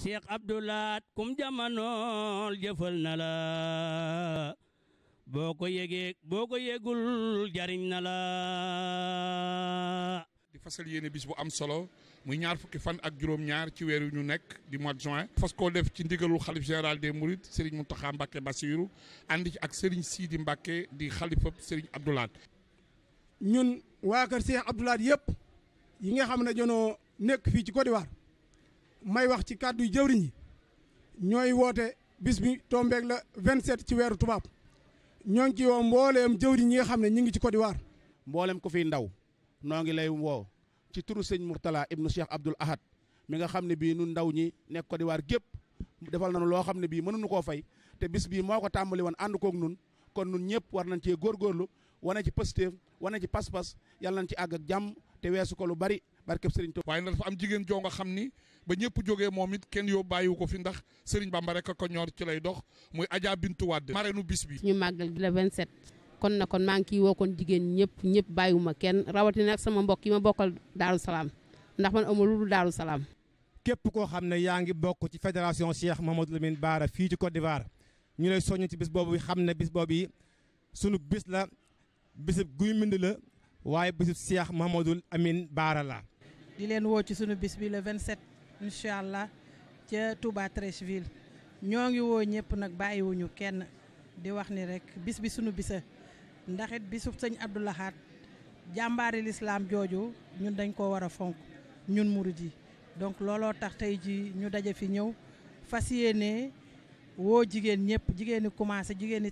Cheikh Abdoulaat kum jamanool jëfal na la boo ko yëgee boo ko yëgul jariñ na la di fasal yéene bis bu am solo muy ñaar fukki fan ak juróom-ñaar ci weer yu ñu nekk di mois de juin fas koo def ci ndigalul xalif général des mourides Serigne Mountakha Mbacké Bassirou ànd ci ak Serigne Sidi Mbacké di xalifab Serigne Abdoulaat ñun waa kër Cheikh Abdoulaat yëpp yi nga xam ne jonoo nekk fii ci Côte d'Ivoire may wax ci kàddu yu jëwriñ yi ñooy woote bis bi tombeeg la 27 ci weeru tubaab ñoo ngi ci woo mbooleem jëwriñ yi nga xam ne ñu ngi ci Côte d'Ivoire mbooleem ku fiy ndaw noo ngi lay woo ci turu sëñ Mourtala ibnu Cheikh Abdoul Ahad mi nga xam ne bii nun ndaw ñi nekk Côte d'Ivoire gépp defal na nu loo xam ne bii mënuñu koo fay te bis bii moo ko tàmbali woon ànd kook nun kon nun ñëpp war nañ cee góorgóorlu wane ci pëstéef wane ci pas-pas yàlla ci àgg ak jàmm te weesu ko lu bari barkeb Serigne Touba waaye nag dafa am jigéen joo nga xam ni ba ñëpp jógee moom it kenn yoo bàyyiwu ko fi ndax Serigne Bamba rek ko ñor ci lay dox muy Adja Bintu Wade marraine bis bi. ñu màggal gi la kon na kon maa ngi ciy woo kon jigéen ñëpp ñëpp bàyyiwuma kenn rawatina ak sama mbokk yi ma bokkal Daaru ndax man amul lu dul Salaam. képp koo xam ne yaa ngi bokk ci fédération Cheikh Mamadou Lamine Bara fii ci Côte d'Ivoire ñu lay soññ ci bis boobu xam ne bis boobu yi sunu bis la bisub guy mbind la waaye bisub Cheikh Mamadou amin baara la di len wo ci sunu bis bi le 27 inshallah allah Touba Treichville ñongi wo woo nak bayyi wuñu kenn di wax ni rek bis bi sunu bisa ndax it seigne sëñ Abdoulahat jàmbaari l'islam jooju ñun dañ ko wara fonk ñun mouride donc lolo tax tay ji ñu dajé fi ñew fas wo jigen jigéen jigen ni commencé jigen ni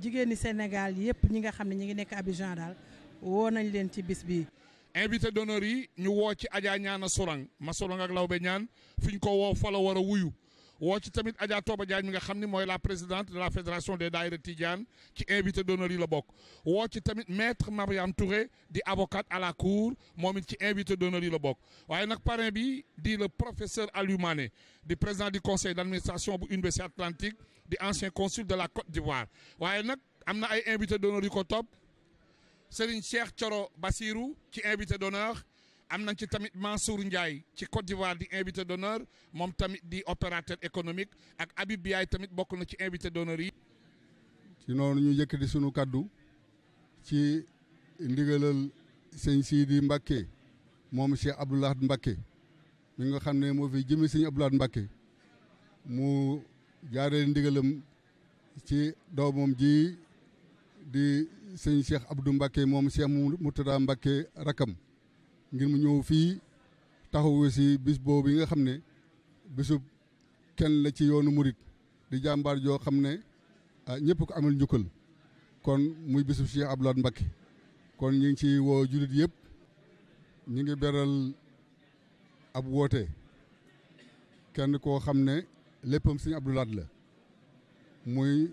jigen ni Sénégal yépp ñi nga xamni ñi ngi nek Abidjan dal wo nañ len ci bis bi invité d'honneur yi ñu wo ci Adja ñaana ma Sorang ak Lawbe ñaan fiñ ko wo fa la wara wuyu wo ci tamit Adja Toba Diagne mi nga xamni moy la présidente de la fédération des daïra Tidiane ci invité d'honneur yi la bok wo ci tamit maître Mariam Touré di avocate à la cour qui ci invité d'honneur yi la bok waye nak parrain bi di le professeur Aliou di président du conseil d'administration bu université Atlantique di ancien consul de la Côte d'Ivoire waye nak amna ay invité d'honneur yi ko top Serigne Cheikh Thioro Bassirou ci invité d'honneur am nañ ci tamit Mansour Ndiaye ci Côte d'Ivoire di invité d'honneur moom tamit di opérateur économique ak Habib tamit bokk na ci invité d'honneur yi. ci noonu ñu yëkkati sunu kàddu ci ndigalal sëñ di Mbacké moom Cheikh Abdou Lahad Mbacké nga xam ne moo fi jëmee sëñ Abdou Lahad mu jaaree ndigalam ci doomam ji di. sëñ Cheikh Abdou Mbacke moom Cheikh Murtada Mbacke rakam ngir mu ñëw fii taxawu si bis boobu yi nga xam ne bisub kenn la ci yoonu murit di jàmbaar joo xam ne ah, ñëpp ko amal njukkal kon muy bisub Cheikh Abdou Lahad Mbacke kon ñu ngi ci woo jullit yëpp ñu ngi beral ab woote kenn koo xam ne léppam sëñ Abdou Lahad la muy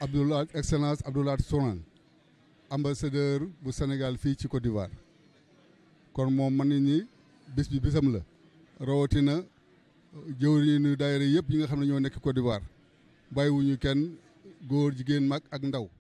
Abdullah excellence Abdullah Souran ambassadeur bu Sénégal fii ci Côte d'Ivoire kon moom mën ni bis bi bisam la rawatina uh, jëwriñu daayira yëpp yi nga xam ne ñoo nekk Côte d'Ivoire bàyyiwuñu kenn góor ak ndaw